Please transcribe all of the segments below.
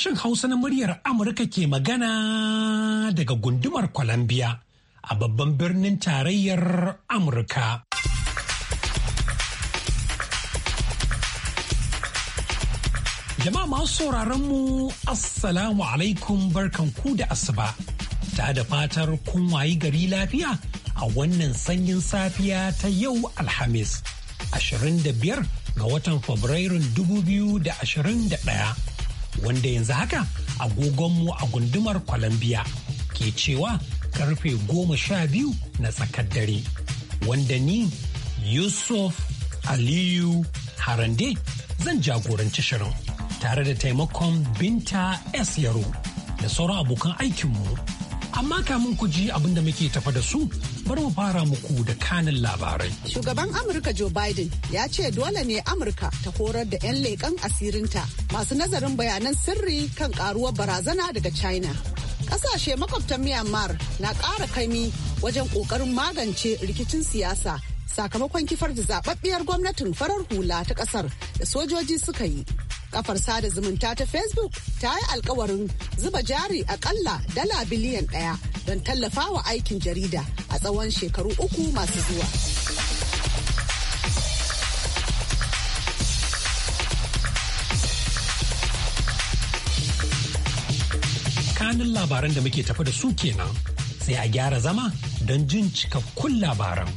sashen Hausa na muryar Amurka ke magana daga gundumar Columbia a babban birnin tarayyar Amurka. Jama'a masu sauraron mu Assalamu alaikum barkan ku da asuba. Ta da fatar kun wayi gari lafiya a wannan sanyin safiya ta yau Alhamis, 25 ga watan Fabrairun 2021. wanda yanzu haka agogonmu a gundumar Columbia ke cewa karfe goma sha biyu na tsakar dare. Wanda ni Yusuf Aliyu Harande zan jagoranci shirin tare da taimakon Binta S Yaro da sauran abokan aikinmu. Amma kamun ku ji abin da muke tafa da su bari mu fara muku da kanin labarai. Shugaban Amurka Joe Biden ya ce dole ne Amurka ta horar da 'yan leƙen asirinta masu nazarin bayanan sirri kan karuwar barazana daga China. Ƙasashe makwabtan Myanmar na ƙara kaimi wajen ƙoƙarin magance rikicin siyasa sakamakon kifar da zaɓaɓɓiyar gwamnatin farar hula ta ƙasar da sojoji suka yi. kafar sada zumunta ta facebook ta yi alkawarin zuba jari akalla dala biliyan ɗaya. don tallafa wa aikin jarida a tsawon shekaru uku masu zuwa. Kanin labaran da muke tafi da su kenan sai a gyara zama don jin cikakkun labaran.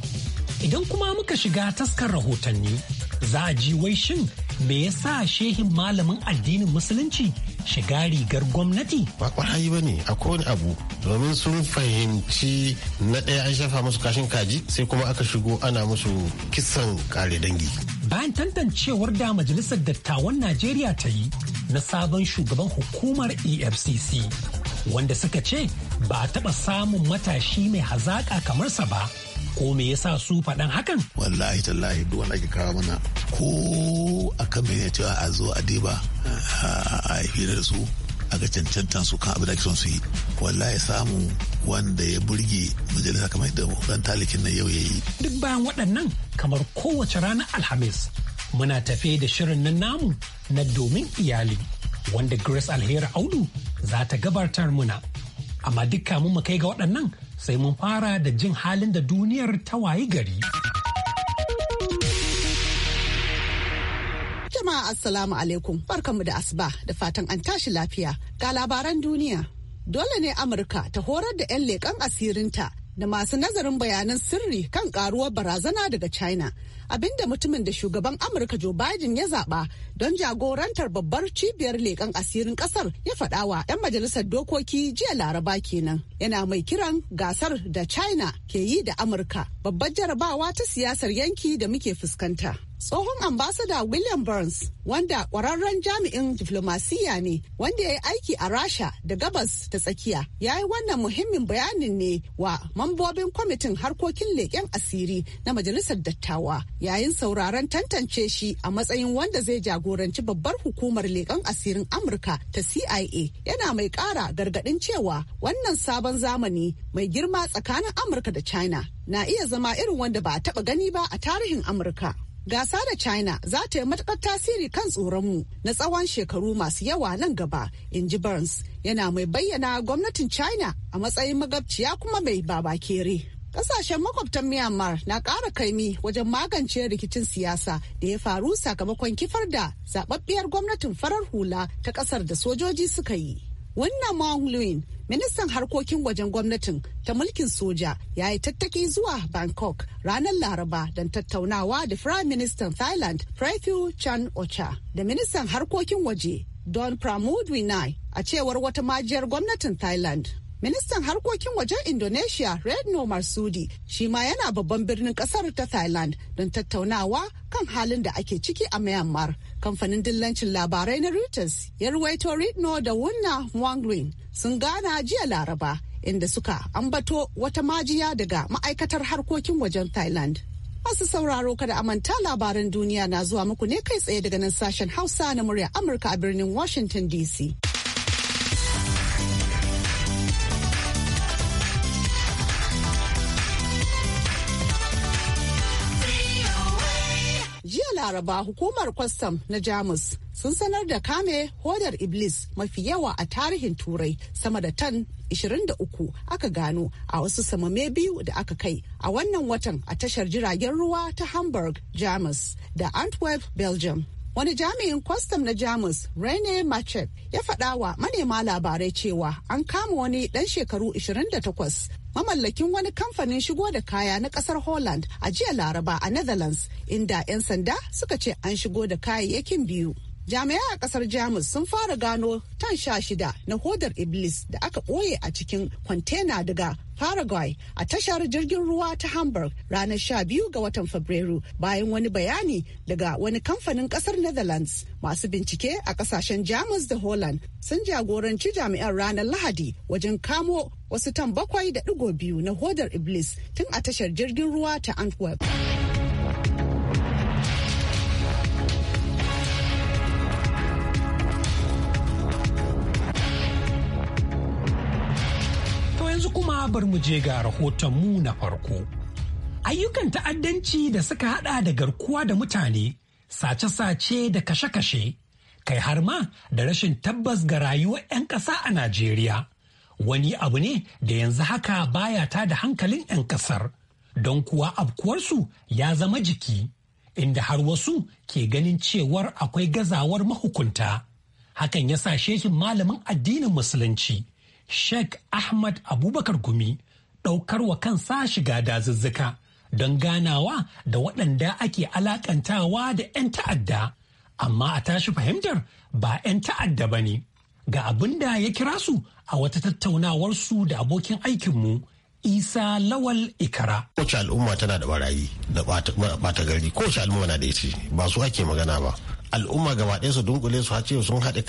Idan kuma muka shiga taskar rahotanni, za a ji wai shin me yasa shehin malamin addinin musulunci shiga rigar gwamnati? Ba kwarayi ba ne a kowane abu domin sun fahimci na ɗaya an shafa musu kashin kaji sai kuma aka shigo ana musu kisan kare dangi. Bayan tantancewar da majalisar dattawan Najeriya ta yi na sabon shugaban hukumar EFCC wanda suka ce ba a taɓa samun matashi mai hazaƙa kamar sa ba. ko me yasa su faɗan hakan wallahi tallahi duk wanda ake kawo mana ko kan mene cewa a zo a diba a hira da su ga cancantan su kan abin da ake son su yi wallahi samu wanda ya burge majalisa kamar da dan talikin nan yau ya yi duk bayan waɗannan kamar kowace ranar alhamis muna tafe da shirin nan namu na domin iyali wanda grace alheri audu za ta gabatar muna amma dukka mu kai ga waɗannan sai mun fara da jin halin da duniyar ta wayi gari. Jama'a Assalamu alaikum barkanmu da asuba da fatan an tashi lafiya ga labaran duniya. Dole ne Amurka ta horar da 'yan leƙen asirinta da masu nazarin bayanan sirri kan karuwar barazana daga China. Abinda mutumin da shugaban Amurka Joe Biden ya zaba don jagorantar babbar cibiyar leƙen asirin ƙasar ya faɗa wa 'yan majalisar dokoki jiya laraba kenan. Yana mai kiran gasar da China ke yi da Amurka babbar jarabawa ta siyasar yanki da muke fuskanta. Tsohon ambasada William Burns, wanda ƙwararren jami'in diflomasiya ne, wanda ya yi aiki a Rasha da gabas ta tsakiya, ya yi wannan muhimmin bayanin ne wa mambobin kwamitin harkokin leƙen asiri na Majalisar Dattawa yayin sauraron tantance shi a matsayin wanda zai jagoranci babbar hukumar leƙen asirin Amurka ta CIA yana mai ƙara gargaɗin cewa wannan sabon zamani mai girma tsakanin Amurka da China na iya zama irin wanda ba a taɓa gani ba a tarihin Amurka. Gasa da China za ta yi matukar tasiri kan tsoronmu na tsawon shekaru masu yawa nan gaba, in ji Burns, yana mai bayyana gwamnatin China a matsayin magabciya kuma mai babakere. Kasashen makwabtan Myanmar na ƙara kaimi wajen magance rikicin siyasa da ya faru sakamakon kifar da zababbiyar gwamnatin farar hula ta ƙasar da sojoji suka yi. wannan Wang ministan harkokin wajen gwamnatin ta mulkin soja ya yi tattaki zuwa Bangkok ranar Laraba don tattaunawa da Prime Minister Thailand Prithu Chan Ocha da ministan harkokin waje Don Pramudwinai a cewar wata majiyar gwamnatin Thailand. Ministan harkokin wajen Indonesia Redno Marsudi shi ma yana babban birnin kasar ta Thailand don tattaunawa kan halin da ake ciki a Myanmar Kamfanin dillancin labarai na Reuters ya ruwaito Ritno da Wunna Wanglin sun gana jiya Laraba inda suka ambato wata majiya daga ma'aikatar harkokin wajen Thailand. Masu sauraro kada amanta labaran duniya na zuwa muku ne kai tsaye daga nan sashen Hausa na murya Amurka a birnin Washington DC. Laraba hukumar kwastam na Jamus sun sanar da kame hodar Iblis mafi yawa a tarihin Turai sama da tan 23 aka gano a wasu samame biyu da aka kai a wannan watan a tashar jiragen ruwa ta Hamburg, Jamus da Antwerp, Belgium. wani jami'in kwastam na jamus rene machet ya faɗa wa manema labarai cewa an kama wani ɗan shekaru 28 mamallakin wani kamfanin shigo da kaya na kasar Holland a jiya Laraba a Netherlands inda 'yan sanda suka ce an shigo da kayayyakin biyu. jami'ai a kasar jamus sun fara gano tan sha shida na hodar iblis da aka ɓoye a cikin kwantena daga paraguay a tashar jirgin ruwa ta hamburg ranar sha biyu ga watan fabrairu bayan wani bayani daga wani kamfanin kasar netherlands masu bincike a kasashen jamus da holland sun jagoranci jami'an ranar lahadi wajen kamo wasu tan bakwai da digo biyu na hodar iblis tun a tashar jirgin ruwa ta antwerp bar mu je ga rahoton mu na farko. Ayyukan ta'addanci da suka hada da garkuwa da mutane, sace-sace da kashe-kashe, kai har ma da rashin tabbas ga rayuwar 'yan ƙasa a Najeriya. Wani abu ne da yanzu haka baya ta da hankalin 'yan ƙasar, don kuwa abkuwarsu ya zama jiki, inda har wasu ke ganin cewar akwai gazawar mahukunta. Hakan ya sa shehin malamin addinin Musulunci. Sheikh Ahmad Abubakar Gumi ɗaukar wa kan sa shiga dazuzzuka don ganawa da waɗanda ake alakantawa da 'yan ta'adda, amma a tashi fahimtar ba 'yan ta'adda ba ne. Ga abin da ya kira su a wata tattaunawarsu da abokin aikinmu Isa Lawal Ikara. Kowace al'umma tana da barayi da ɓata gari, kowace al'umma na da ita ba su ake magana ba. al'umma gaba ɗaya su dunkule su hace sun haɗe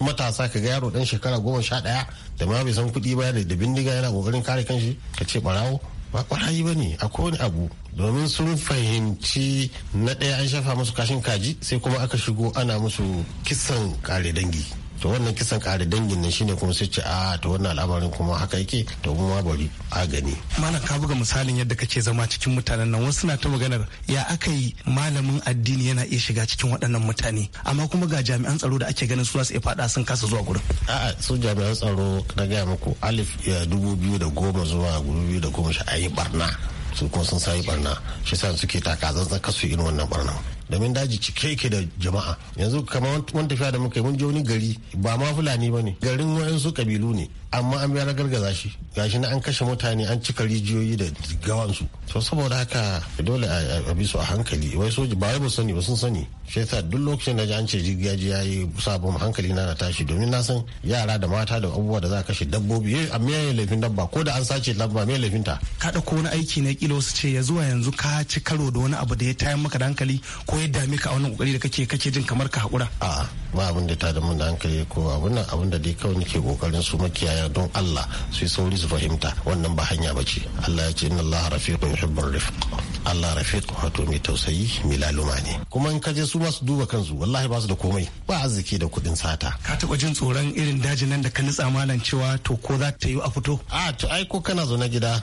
matasa ka ga yaro ɗan shekara goma sha ɗaya da ma bai san kuɗi ba da bindiga yana ƙoƙarin kare kanshi ka ce ɓarawo ba ƙwarayi ba ne a kowane abu domin sun fahimci na ɗaya an shafa musu kashin kaji sai kuma aka shigo ana musu kisan kare dangi to wannan kisan kare dangin nan shine kuma sai ce a ah, to wannan al'amarin kuma haka yake to mu ma bari a gani malam ka buga misalin yadda kake zama cikin mutanen nan wasu na ta maganar ya aka yi malamin addini yana iya shiga cikin waɗannan mutane amma kuma ga jami'an tsaro da ake ganin su za su iya faɗa sun kasa zuwa gurin a'a su jami'an tsaro na gaya muku alif ya dubu biyu da goma zuwa dubu biyu da goma sha a yi barna su kuma sun sayi barna shi sa suke taka zanzan kasu irin wannan barnan domin daji cike yake da jama'a yanzu kamar wani tafiya da muka yi mun je wani gari ba ma fulani ba ne garin wayansu kabilu ne amma an biya gargaza shi gashi na an kashe mutane an cika rijiyoyi da gawansu to saboda haka dole a bi su a hankali wai soji ba wai ba sani ba sun sani shi yasa duk lokacin da an ce jirgi ji yayi sabon hankali na na tashi domin na san yara da mata da abubuwa da za a kashe dabbobi eh, a ya laifin dabba ko da an sace dabba miya laifin ta ka ko wani aiki na kila su ce ya zuwa yanzu ka ci karo da wani abu da ya tayar maka da hankali ko ya dame ka a wani kokari da kake kake jin kamar ka hakura a ba abin da ta da mun da hankali ko abin nan abin da dai kawai nake kokarin su makiyaya don Allah su yi sauri su fahimta wannan ba hanya ba ce Allah ya ce inna Allah rafiqun yuhibbur rifq Allah rafiq wato mai tausayi mai laluma ne kuma in ka je su masu duba kansu wallahi ba su da komai ba arziki da kuɗin sata ka taɓa jin tsoron irin dajin nan da ka nitsa malam cewa to ko za ta yi a fito a to ai ko kana zaune gida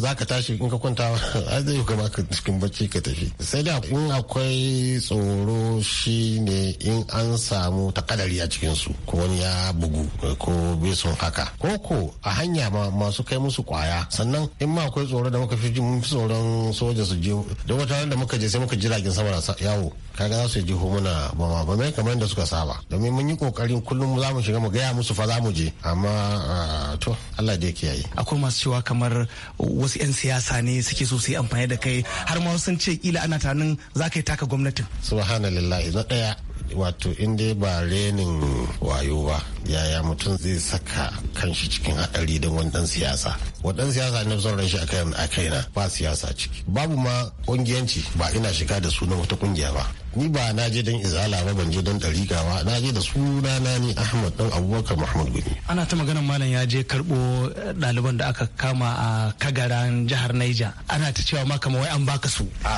za ka tashi in ka kwanta ai zai kama ka cikin bacci ka tafi sai da in akwai tsoro shi ne in an samu takadari a cikin su ko wani ya bugu ko bai son haka ko ko a hanya ma masu kai musu kwaya sannan in ma akwai tsoro da muka fi jin tsoron soja su je da wata da muka je sai muka jiragen sama na yawo kaga za su je muna bama ba mai kamar da suka saba domin mun yi kokarin kullum za mu shiga mu gaya musu fa za mu je amma ah, to Allah da yake yayi akwai masu cewa kamar wasu 'yan siyasa ne suke so su yi amfani da kai har ma sun ce kila ana tanin za ka taka gwamnatin subhanallahi na daya wato in dai ba renin wayo ba yaya mutum zai saka kanshi cikin haɗari don wani ɗan siyasa wadan siyasa na son ran shi a na ba siyasa ciki babu ma ƙungiyanci ba ina shiga da sunan wata ƙungiya ba ni ba na je don izala ba ban je don ɗarigawa na je da suna na ni ahmad ɗan abubakar muhammad guni ana ta maganar malam ya je karɓo eh, ɗaliban da aka kama a kagaran jihar naija ana ta cewa ma kamar wai an baka su a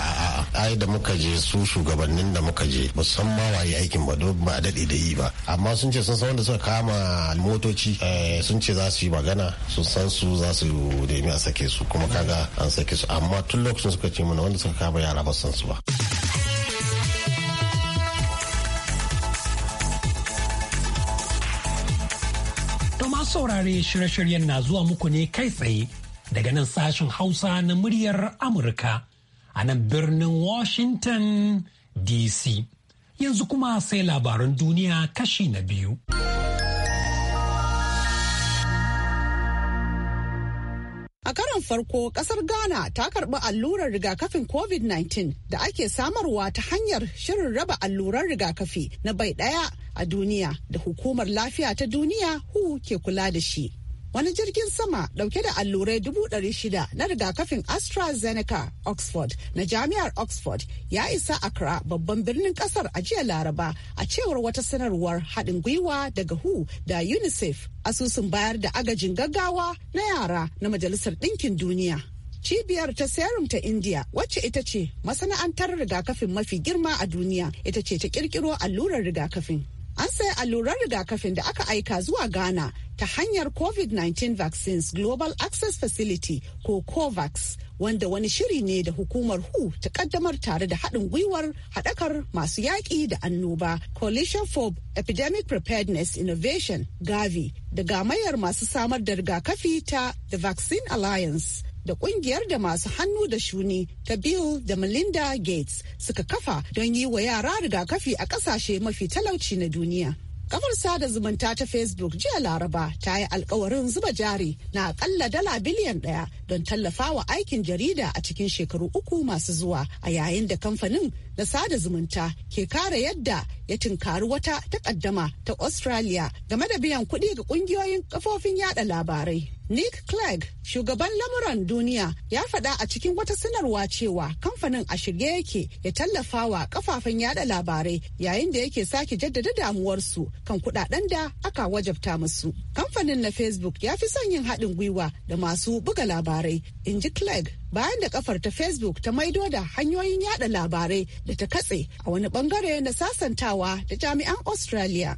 a ai da muka je su shugabannin da muka je musamman ma waye aikin ba don ba daɗe da yi ba amma sun ce sun san wanda suka kama motoci eh, sun ce za su yi magana sun san su za su nemi a sake su kuma kaga an sake su amma tun lokacin suka ce mana wanda suka kama yara ba san su ba. saurare shirye-shiryen na zuwa muku ne kai tsaye daga nan sashen Hausa na muryar Amurka a nan birnin Washington DC. Yanzu kuma sai labaran duniya kashi na biyu. farko kasar Ghana ta karbi allurar rigakafin COVID-19 da ake samarwa ta hanyar shirin raba allurar rigakafi na bai daya a duniya da hukumar lafiya ta duniya WHO ke kula da shi. wani jirgin sama dauke da allurai dubu ɗari shida na rigakafin AstraZeneca Oxford na jami'ar Oxford ya isa Accra babban birnin kasar a jiya Laraba a cewar wata sanarwar haɗin gwiwa daga WHO da UNICEF asusun bayar da agajin gaggawa na yara na Majalisar Ɗinkin Duniya. cibiyar ta serum ta india wacce ita ce masana'antar rigakafin mafi girma a duniya ita ce ta kirkiro allurar rigakafin an sayi allurar rigakafin da aka aika zuwa ghana ta hanyar covid-19 vaccines global access facility ko covax wanda wani shiri ne da hukumar hu ta kaddamar tare da haɗin gwiwar haɗakar masu yaƙi da annoba coalition for epidemic preparedness innovation gavi da gamayar masu samar da rigakafi ta the vaccine alliance da kungiyar da masu hannu da shuni ta Bill da Melinda Gates suka kafa don yi wa yara rigakafi a kasashe mafi talauci na duniya. Kafar sada zumunta ta Facebook jiya Laraba ta yi alkawarin zuba jari na akalla dala biliyan daya don tallafa wa aikin jarida a cikin shekaru uku masu zuwa a yayin da kamfanin da sada zumunta ke kare yadda ya tunkari wata takaddama ta Australia game da biyan kuɗi ga ƙungiyoyin kafofin yada labarai. Nick Clegg, shugaban lamuran duniya, ya faɗa a cikin wata sanarwa cewa kamfanin a shirye yake ya tallafa wa kafafen yada labarai yayin da yake sake jaddada damuwarsu kan kuɗaɗen da aka wajabta musu. Kamfanin na Facebook ya fi son yin haɗin gwiwa da masu buga labarai, in ji Clegg bayan da kafar ta Facebook ta maido da hanyoyin yada labarai da ta katse a wani bangare na sasantawa da jami'an Australia.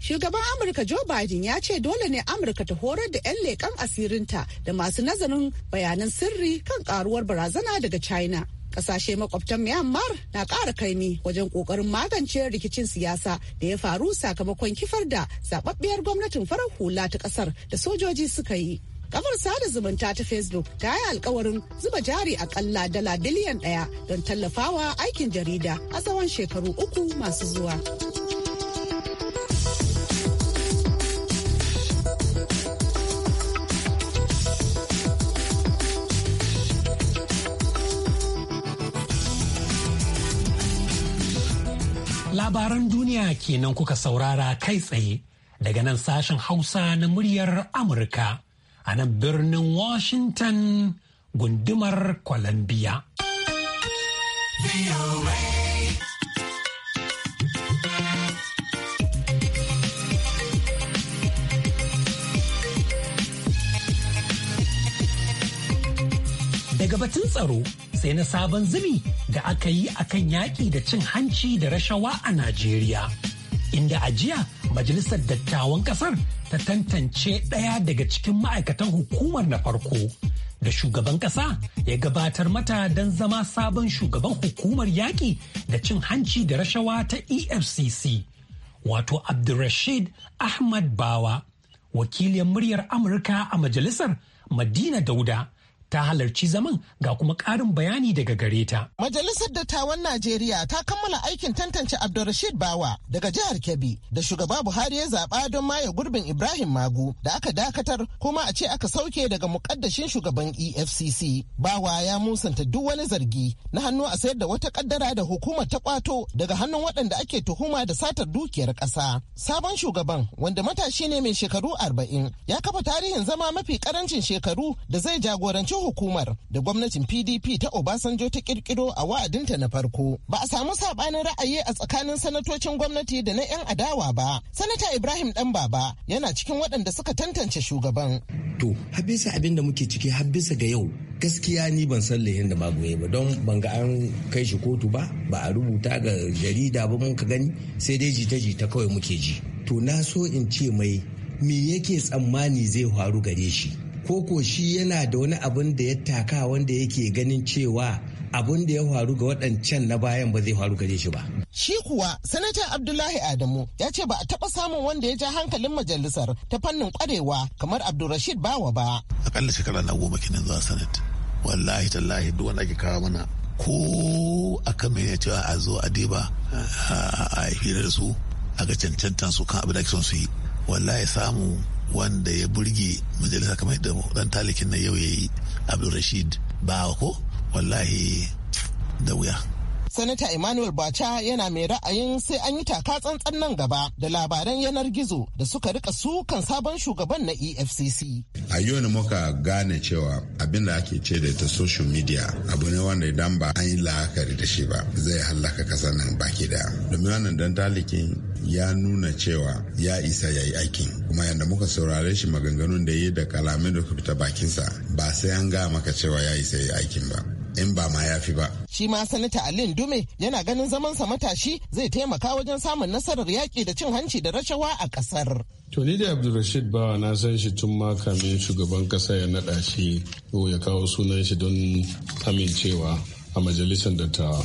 Shugaban Amurka Joe Biden ya ce dole ne Amurka ta horar da 'yan leƙen asirinta da masu nazarin bayanan sirri kan karuwar barazana daga China. Kasashe makwabtan Myanmar na ƙara kaimi wajen ƙoƙarin magance rikicin siyasa da ya faru sakamakon kifar da zababbiyar gwamnatin farar hula ta ƙasar da sojoji suka yi. Kafar sada zumunta ta Facebook ta yi alkawarin zuba jari akalla dala biliyan ɗaya don tallafawa aikin jarida a tsawon shekaru uku masu zuwa. labaran duniya kenan kuka saurara kai tsaye daga nan sashen hausa na muryar amurka a nan birnin Washington gundumar Columbia. Daga batun tsaro sai na sabon zumi da aka yi a kan yaƙi da cin hanci da rashawa a Najeriya. Inda a jiya Majalisar Dattawan Ƙasar ta tantance ɗaya daga cikin ma'aikatan hukumar na farko da shugaban ƙasa ya gabatar mata don zama sabon shugaban hukumar yaƙi da cin hanci da rashawa ta efcc wato abdulrashid ahmad bawa wakilin muryar amurka a majalisar madina dauda ta halarci zaman ga kuma ƙarin bayani daga gare ta. Majalisar Dattawan Najeriya ta kammala aikin tantance Abdulrashid Bawa daga jihar Kebbi da shugaba Buhari ya zaɓa don maye gurbin Ibrahim Magu da aka dakatar kuma a ce aka sauke daga muƙaddashin shugaban EFCC. Bawa ya musanta duk wani zargi na hannu a sayar da wata kaddara da hukumar ta kwato daga hannun waɗanda ake tuhuma da satar dukiyar ƙasa. Sabon shugaban wanda matashi ne mai shekaru arba'in ya kafa tarihin zama mafi ƙarancin shekaru da zai jagoranci hukumar da gwamnatin PDP ta Obasanjo ta kirkiro a wa'adinta na farko. Ba a samu saɓanin ra'ayi a tsakanin sanatocin gwamnati da na 'yan adawa ba. Sanata Ibrahim Dan Baba yana cikin waɗanda suka tantance shugaban. To, habisa abin da muke ciki habisa ga yau gaskiya ni ban san lahin da magoye ba don ban ga an kai shi kotu ba ba a rubuta ga jarida ba mun ka gani sai dai jita-jita kawai muke ji to na so in ce mai me yake tsammani zai faru gare shi koko shi yana da wani abin da ya taka wanda yake ganin cewa abin da ya faru ga waɗancan na bayan ba zai faru gare shi ba. Shi kuwa sanata Abdullahi Adamu ya ce ba a taɓa samun wanda ya ja hankalin majalisar ta fannin kwarewa kamar Abdulrashid Bawa ba. Akalla shekara na goma kenan zuwa sanat. Wallahi tallahi duk wanda ake kawo mana ko a kan mai ce a zo a diba a hira da su a ga cancantan su kan abin da ake son su yi. Wallahi samu wanda ya burge majalisa kamar yadda dan talikin na yau ya yi abdulrashid ba ko wallahi da wuya Sanata Emmanuel Bacha yana mai ra'ayin sai an yi taka tsantsan nan gaba da labaran yanar gizo da suka rika sukan sabon shugaban na EFCC. A yau ne muka gane cewa abin da ake ce da ta social media abu ne wanda idan ba an yi la'akari da shi ba zai hallaka kasar nan baki daya. Domin wannan dan talikin ya nuna cewa ya isa ya yi aikin kuma yadda muka saurare shi maganganun da ya yi da kalamin da ta bakinsa ba sai an ga maka cewa ya isa ya yi aikin ba in ba ma ya fi ba. Shi ma sanata Alin Dume yana ganin zamansa matashi zai taimaka wajen samun nasarar yaƙi da cin hanci da rashawa a ƙasar. To ni da Abdulrashid Bawa na san shi tun ma kamin shugaban ƙasa ya naɗa shi ko ya kawo sunan shi don amincewa a majalisar dattawa.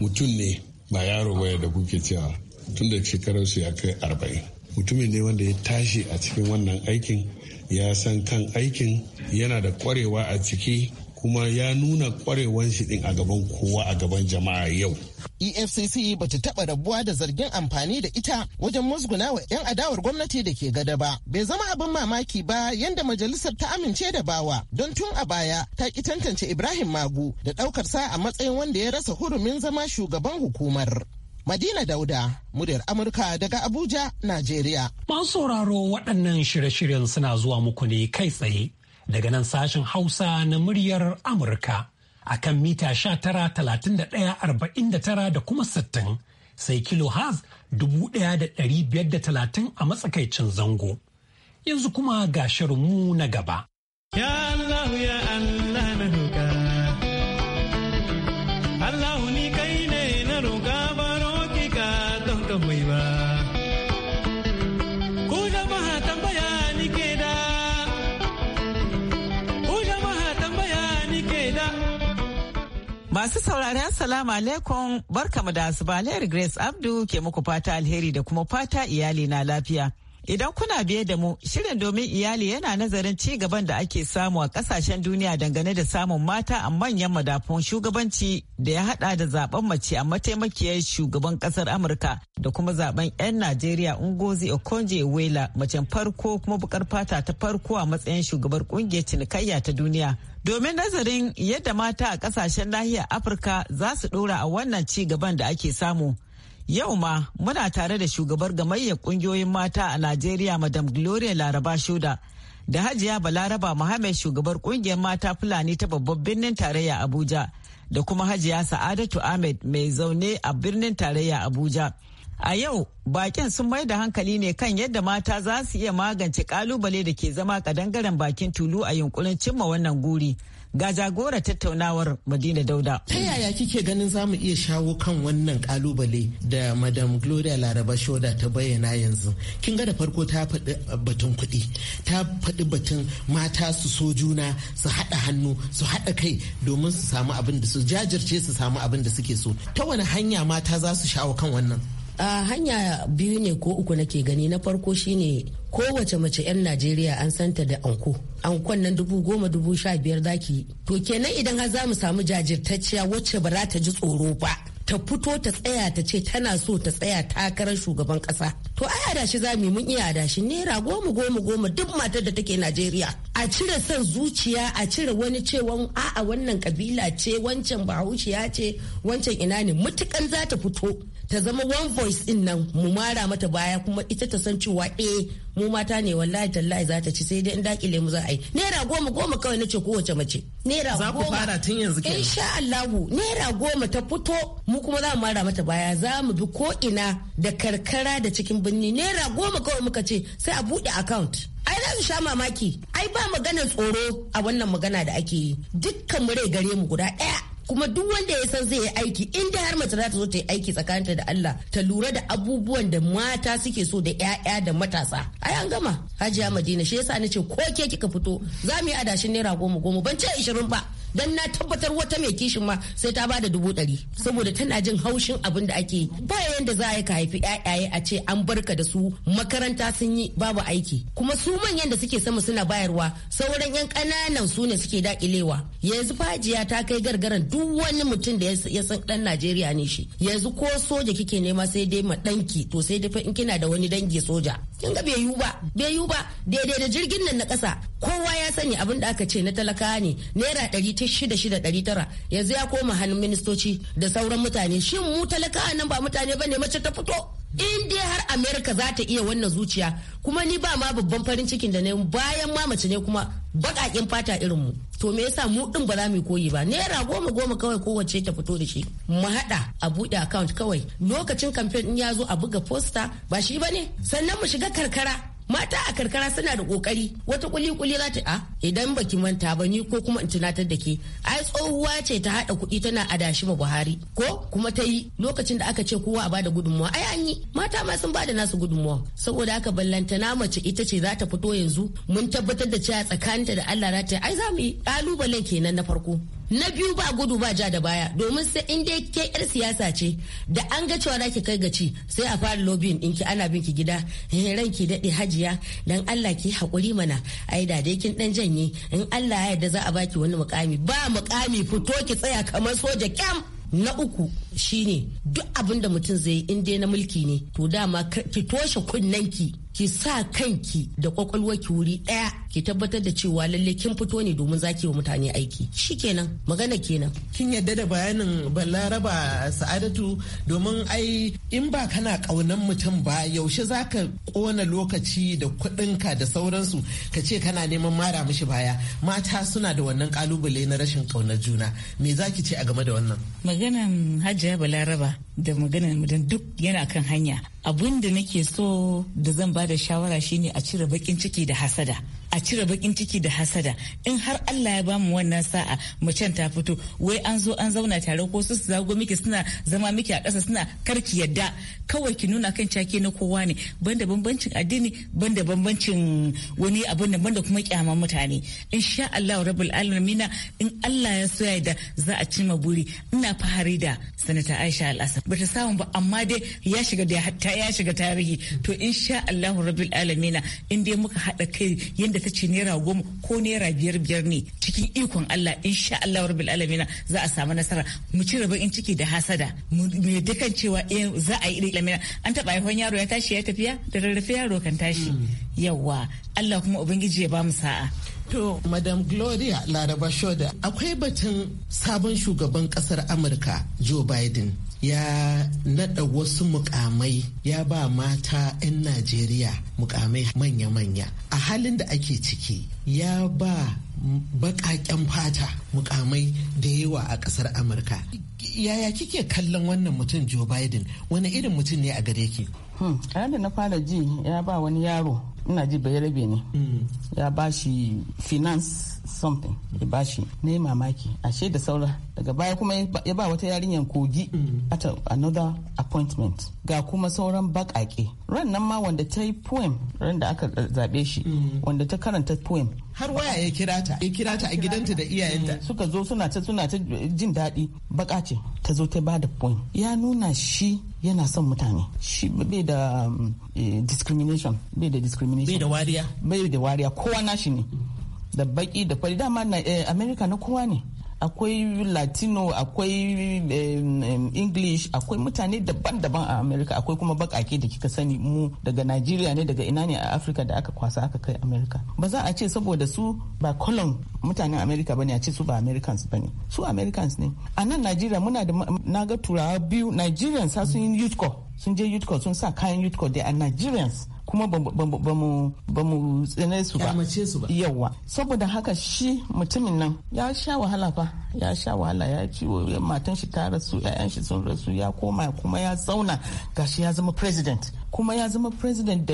Mutum ne ba yaro baya da kuke cewa tun da shekararsu ya kai arba'in. Mutumin ne wanda ya tashi a cikin wannan aikin ya san kan aikin yana da kwarewa a ciki kuma ya nuna kwarewan shi din a gaban kowa a gaban jama'a yau. EFCC ba ta taɓa rabuwa da zargin amfani da ita wajen musguna wa 'yan adawar gwamnati da ke gada ba. Bai zama abin mamaki ba yadda majalisar ta amince da bawa don tun a baya ta ki tantance Ibrahim Magu da ɗaukar sa a matsayin wanda ya rasa hurumin zama shugaban hukumar. Madina Dauda, muryar Amurka daga Abuja, Najeriya. Masu sauraro waɗannan shirye-shiryen suna zuwa muku ne kai tsaye daga nan sashen Hausa na muryar Amurka a kan mita talatin da kuma 60 sai kilo da 1,530 a matsakaicin zango. Yanzu kuma ga shirinmu na gaba. Masu saurari Assalamu alaikum barkamu da asuba Grace Abdu ke muku fata alheri da kuma fata iyali na lafiya. Idan kuna biye da mu, shirin domin iyali yana nazarin ci gaban da ake samu a kasashen duniya dangane da samun mata a manyan madafun shugabanci da ya hada da zaben mace a mataimakiyar shugaban kasar Amurka da kuma zaben 'yan Najeriya Ngozi okonje iweala macen farko kuma bukar fata ta farko a matsayin shugabar kungiyar cinikayya ta duniya. domin nazarin yadda mata a kasashen nahiyar afirka za su dora a wannan ci gaban da ake samu Yau ma muna tare da shugabar gamayyar kungiyoyin mata a Najeriya Madam Gloria Laraba Shuda da Hajiya Balaraba Muhammad shugabar kungiyar mata Fulani ta babban birnin tarayya Abuja da kuma Hajiya Sa'adatu Ahmed mai zaune a birnin tarayya Abuja. A yau, bakin sun mai da hankali ne kan yadda mata za su iya magance kalubale da ke zama kadangaren bakin tulu a yunkurin cimma wannan guri. Ga jagora tattaunawar Madina Dauda. Ta yaya kike ganin za mu iya shawo kan wannan kalubale da Madam Gloria Laraba Shoda ta bayyana yanzu? Kin ga da farko ta faɗi uh, batun kuɗi, ta faɗi batun mata su so juna, su haɗa hannu, su haɗa kai domin su samu abin da su jajirce su samu abin da suke so. Ta wani hanya mata za su shawo kan wannan? a hanya biyu ne ko uku nake gani na farko shine kowace mace 'yan najeriya an santa da anko ankon nan dubu goma dubu sha biyar zaki to kenan idan har za mu samu jajirtacciya wacce ba za ta ji tsoro ba ta fito ta tsaya ta ce tana so ta tsaya takarar shugaban kasa to ai adashi za mu mun iya adashi naira goma goma goma duk matar da take najeriya a cire son zuciya a cire wani cewan a'a wannan kabila ce wancan bahaushiya ce wancan ina ne mutukan za ta fito ta zama one voice din nan mu mara mata baya kuma ita ta san cewa eh mu mata ne wallahi tallahi za ta ci sai dai in dakile mu za a yi naira goma goma kawai nace kowace mace naira goma za ku fara tun yanzu kenan insha Allah naira goma ta fito mu kuma za mu mara mata baya za mu bi ko ina da karkara da cikin birni naira goma kawai muka ce sai a bude account ai za su sha mamaki ai ba magana tsoro a wannan magana da ake yi dukkan mu rai gare mu guda ɗaya kuma duk wanda ya san zai yi aiki inda da har mace za ta zo ta yi aiki tsakaninta da Allah ta lura da abubuwan da mata suke so da 'ya'ya da matasa ai an gama hajiya madina shi yasa ce ko ke kika fito za mu yi adashin naira goma goma ban ce ishirin ba dan na tabbatar wata mai kishin ma sai ta bada dubu ɗari saboda tana jin haushin abin da ake ba yanda za a ka haifi ƴaƴaye a ce an barka da su makaranta sun yi babu aiki kuma su manyan da suke sama suna bayarwa sauran yan ƙananan su ne suke daƙilewa yanzu fajiya ta kai gargaran duk wani mutum da ya san ɗan Najeriya ne shi yanzu ko soja kike nema sai dai ma ɗanki to sai dai fa in kina da wani dangi soja kin ga bai yiwu ba bai yiwu ba daidai da jirgin nan na ƙasa kowa ya sani abin da aka ce na talaka ne naira ɗari ta shida shida ɗari tara yanzu ya koma hannun ministoci da sauran mutane shin mu talaka nan ba mutane ba ne mace ta fito in dai har america za ta iya wannan zuciya kuma ni ba ma babban farin cikin da na bayan ma mace ne kuma baƙaƙen fata irin mu to me yasa mu din ba za mu koyi ba naira goma goma kawai kowace ta fito da shi mu hada a buɗe account kawai lokacin kamfen in ya zo a buga poster ba shi ba ne sannan mu shiga karkara mata a karkara suna da kokari wata kuli kuli za ta a ah, idan baki manta ba ni ko kuma in tunatar da ke ai tsohuwa ce ta hada kuɗi tana adashi ma Buhari ko kuma ta yi lokacin da aka ce kowa a bada gudunmuwa ai an yi mata ma sun bada nasu gudunmuwa saboda haka na mace ita ce za ta fito yanzu mun tabbatar da cewa tsakaninta da Allah za ta ai za mu yi kalubalen kenan na farko na biyu ba gudu ba ja da baya domin sai in dai ke yar siyasa ce da an ga cewa za ki kai gaci sai a fara lobbying ɗinki ana bin ki gida eh, ranki daɗe hajiya dan Allah ki haƙuri mana ai da dai kin ɗan janye in Allah ya yarda za a baki wani mukami ba mukami fito ki tsaya kamar soja kyam na uku shine duk abin da mutum zai in dai na mulki ne to dama ki toshe kunnanki ki sa kanki da kwakwalwarki wuri ɗaya ki tabbatar da cewa lalle kin fito ne domin zaki wa mutane aiki Shi kenan magana kenan kin yadda da bayanin balaraba sa'adatu domin ai in ba kana kaunan mutum ba yaushe zaka kona lokaci da kuɗinka da sauransu ka ce kana neman mara mishi baya mata suna da wannan kalubale na rashin kaunar juna me zaki ce a game da wannan maganan hajiya balaraba da maganan mudan duk yana kan hanya abin da nake so da zan ba da shawara shine a cire bakin ciki da hasada a cire bakin ciki da hasada in har Allah ya bamu wannan sa'a macen ta fito wai an zo an zauna tare ko su zago miki suna zama miki a ƙasa suna karki yadda kawai ki nuna kan cake na kowa ne banda bambancin addini banda bambancin wani abun nan banda kuma kyama mutane insha Allah rabbul alamin in Allah ya so da za a cima buri ina fahari da sanata Aisha Al-Asad bata samu ba amma dai ya shiga da hatta ya shiga tarihi to insha Allah rabbul alamin in dai muka haɗa kai yanda ta ci naira goma ko naira biyar biyar ne cikin ikon Allah insha Allah rabbil alamina za a samu nasara mu ci in ciki da hasada mu yadda kan cewa eh, za a yi ilamina an taba haifan yaro ya tashi ya tafiya da rarrafe yaro kan tashi yawa Allah kuma ubangiji ya ba mu sa'a To, Madam Gloria Laraba Shoda, akwai batun sabon shugaban kasar Amurka, Joe Biden. ya nada wasu mukamai ya ba mata 'yan najeriya mukamai manya-manya a halin da ake ciki ya ba baƙaƙen fata mukamai da yawa a ƙasar amurka yaya kike kallon wannan mutum joe biden wani irin mutum ne a gare ki hmm, da na fara ji ya ba wani yaro ina ji bayarabe ne mm. ya bashi finance something ya bashi ne mamaki ashe da saura daga baya kuma ya ba wata yarinyar kogi mm. at another appointment ga kuma sauran bakake ran nan ma wanda ta yi poem ran da aka eh, zabe shi mm. wanda ta karanta poem har waya ya kira ta ya kira ta a gidanta da iyayenta suka zo suna ta suna ta eh, jin daɗi baka ce ta zo ta bada poem ya nuna shi yana son mutane shi bai da um, eh, discrimination bai da discrimination bai da wariya bai da kowa nashi ne da baki da fari dama na eh, america na kowa ne akwai latino akwai english akwai mutane daban-daban a america akwai kuma bakake da kika sani mu daga nigeria ne daga ina ne a africa da aka kwasa aka kai america ba za a ce saboda su ba colon mutanen america bane a ce su ba americans bane su americans ne a nan nigeria muna da naga turawa biyu nigerians sun yi youth sun je youth sun sa kayan youth corps they are nigerians kuma ba mu tsine su ba yawa saboda haka shi mutumin nan ya sha wahala fa ya sha wahala ya ciwo matan shi ta rasu 'ya'yan shi sun rasu ya koma kuma ya zauna gashi ya zama president kuma ya zama president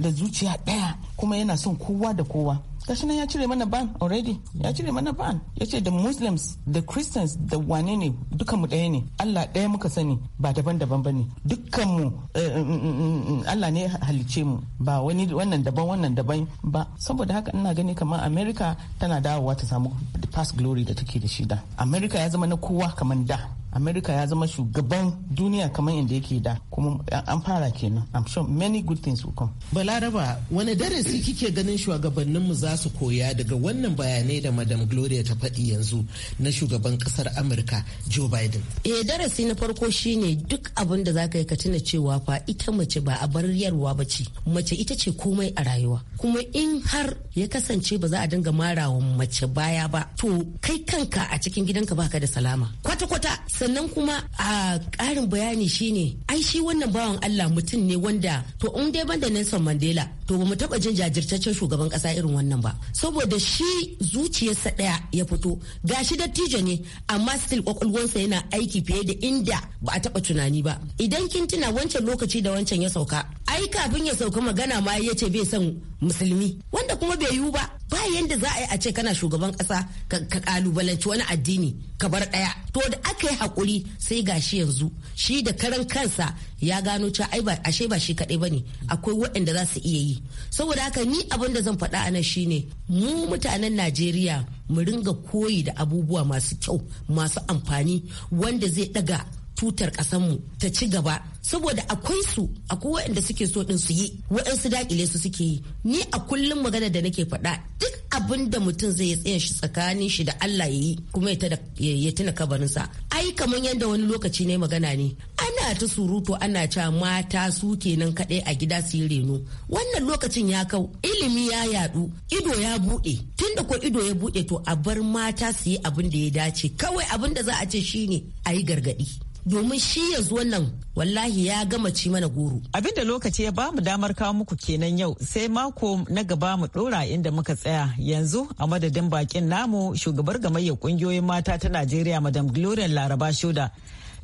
da zuciya daya kuma yana son kowa da kowa gashi nan ya cire mana ban already ya cire mana ban ya ce da muslims da christians da wane ne mu ɗaya ne allah ɗaya muka sani ba daban-daban ba ne dukkanmu eh, mm, mm, mm, allah ne halice mu ba wani wannan daban wannan daban ba saboda haka ina gani kamar america tana dawowa ta samu past glory da take da shida da america ya zama na kowa kamar da america ya zama shugaban duniya kamar inda yake da kuma an fara kenan i'm sure many good things will come balaraba wani darasi kike ganin shugabanninmu za su koya daga wannan bayanai da madam gloria ta faɗi yanzu na shugaban kasar amurka joe biden eh darasi na farko shine duk abin da zaka yi ka tuna cewa fa ita mace ba a bar yarwa ba ce mace ita ce komai a rayuwa kuma in har ya kasance ba za a dinga marawa mace baya ba to kai kanka a cikin gidanka baka da salama kwata-kwata sannan kuma a ƙarin bayani shine ai shi wannan bawan Allah mutum ne wanda to in dai banda Nelson Mandela to ba mu taba jin jajirtaccen shugaban kasa irin wannan ba saboda shi zuciyarsa daya ya fito gashi dattijo ne amma still kwakwalwarsa yana aiki fiye da inda ba a taba tunani ba idan kin tuna wancan lokaci da wancan ya sauka ai kafin ya sauka magana ma yace bai san. musulmi wanda kuma bai yiwu ba ba yadda za a yi a ce kana shugaban kasa ka kalubalanci wani addini ka bar daya to da aka yi hakuri sai gashi yanzu shi da karan kansa ya gano cewa ai ba ashe ba shi kadai bane akwai waɗanda za su iya yi saboda haka ni abin da zan faɗa anan shine mu mutanen Najeriya mu ringa koyi da abubuwa masu kyau masu amfani wanda zai daga tutar kasanmu ta ci gaba saboda akwai su akwai waɗanda suke so din su yi waɗansu dakile su suke yi ni a kullum magana da nake faɗa duk abin da mutum zai yi tsayin shi tsakanin shi da Allah ya yi kuma ya tuna kabarinsa ai kamar yadda wani lokaci ne magana ne ana ta surutu ana cewa mata su kenan kaɗai a gida su yi reno wannan lokacin ya kau ilimi ya yadu ido ya buɗe tunda ko ido ya buɗe to a bar mata su yi abin da ya dace kawai abin da za a ce shine a yi gargaɗi domin shi ya zo nan wallahi ya gama ci mana goro. Abinda lokaci ya bamu damar kawo muku kenan yau sai mako na gaba mu dora inda muka tsaya yanzu a madadin bakin namu shugabar gamayyar kungiyoyin mata ta Najeriya Madam Gloria Laraba Shoda.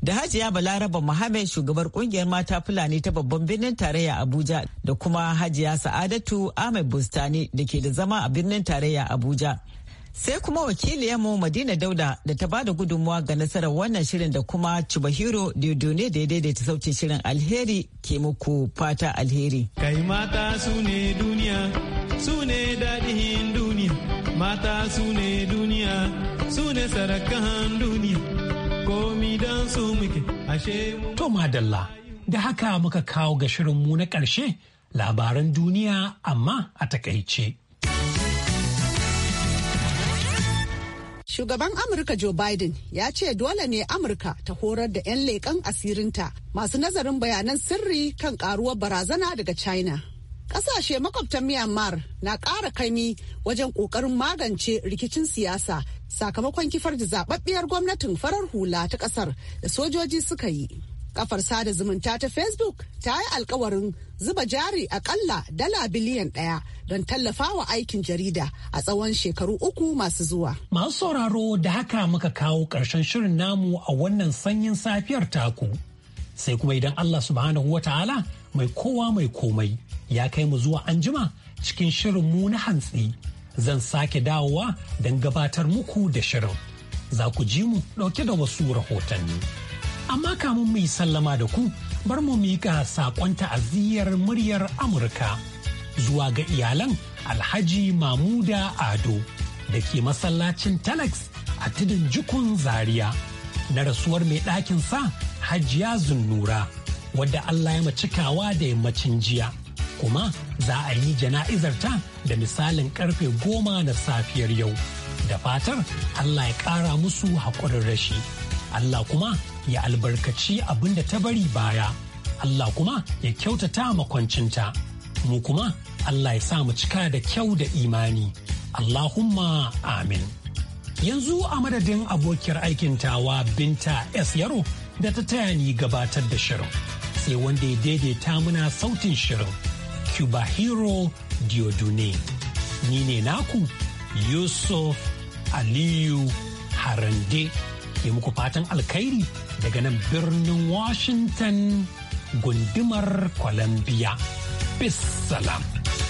Da Hajiya Balaraba Muhammad shugabar kungiyar mata Fulani ta babban birnin tarayya Abuja da kuma Hajiya Sa'adatu Ahmed Bustani da ke da zama a birnin tarayya Abuja. Sai kuma wakiliyarmu Madina Dauda da ta bada gudunmuwa ga nasarar wannan shirin da kuma Chubahiro Diodone da ya daidaita sautin shirin alheri ke muku fata alheri. Kai mata su ne duniya, su ne daɗin duniya, mata su ne duniya, su ne sarakan duniya, komi don su muke ashe mu. To madalla, da haka muka kawo ga shirin mu na ƙarshe labaran duniya amma a takaice. Shugaban Amurka Joe Biden ya ce dole ne Amurka ta horar da 'yan leƙen asirinta masu nazarin bayanan sirri kan ƙaruwar barazana daga China. Ƙasashe makwabtan myanmar na ƙara kaimi wajen ƙoƙarin magance rikicin siyasa sakamakon kifar da zaɓaɓɓiyar gwamnatin farar hula ta ƙasar da sojoji suka yi Kafar sada zumunta ta Facebook ta yi alkawarin zuba jari akalla dala biliyan ɗaya don tallafawa aikin jarida a tsawon shekaru uku masu zuwa. Masu sauraro da haka muka kawo ƙarshen shirin namu a wannan sanyin safiyar taku. Sai kuma idan Allah subhanahu wata'ala mai kowa mai komai ya kai mu zuwa anjima cikin shirin mu na hantsi zan sake dawowa don gabatar muku da shirin. Za ku ji mu ɗauke da wasu rahotanni. Amma kamun mu yi sallama da ku bar mu miƙa saƙon ta'aziyyar muryar Amurka zuwa ga iyalan Alhaji Mamuda Ado da ke masallacin Telex a tudun jikun Zaria na rasuwar mai ɗakin sa Hajiya Zunnura wadda Allah ya macikawa da yammacin jiya. Kuma za a yi jana'izar ta da misalin karfe goma na safiyar yau. Da fatar Allah ya ƙara musu haƙurin rashi. Allah kuma ya albarkaci abin da ta bari baya, Allah kuma ya kyautata makwancinta, mu kuma Allah ya sa mu cika da kyau da imani, Allahumma amin. Yanzu a madadin abokiyar aikin tawa Binta S Yaro da ta taya ni gabatar da shirin, sai wanda ya daidaita muna sautin shirin, Cuba Hero Diodune. Ni ne naku, Yusuf Aliyu Harande. ke muku fatan alkhairi daga nan birnin Washington gundumar Columbia. Peace, salam.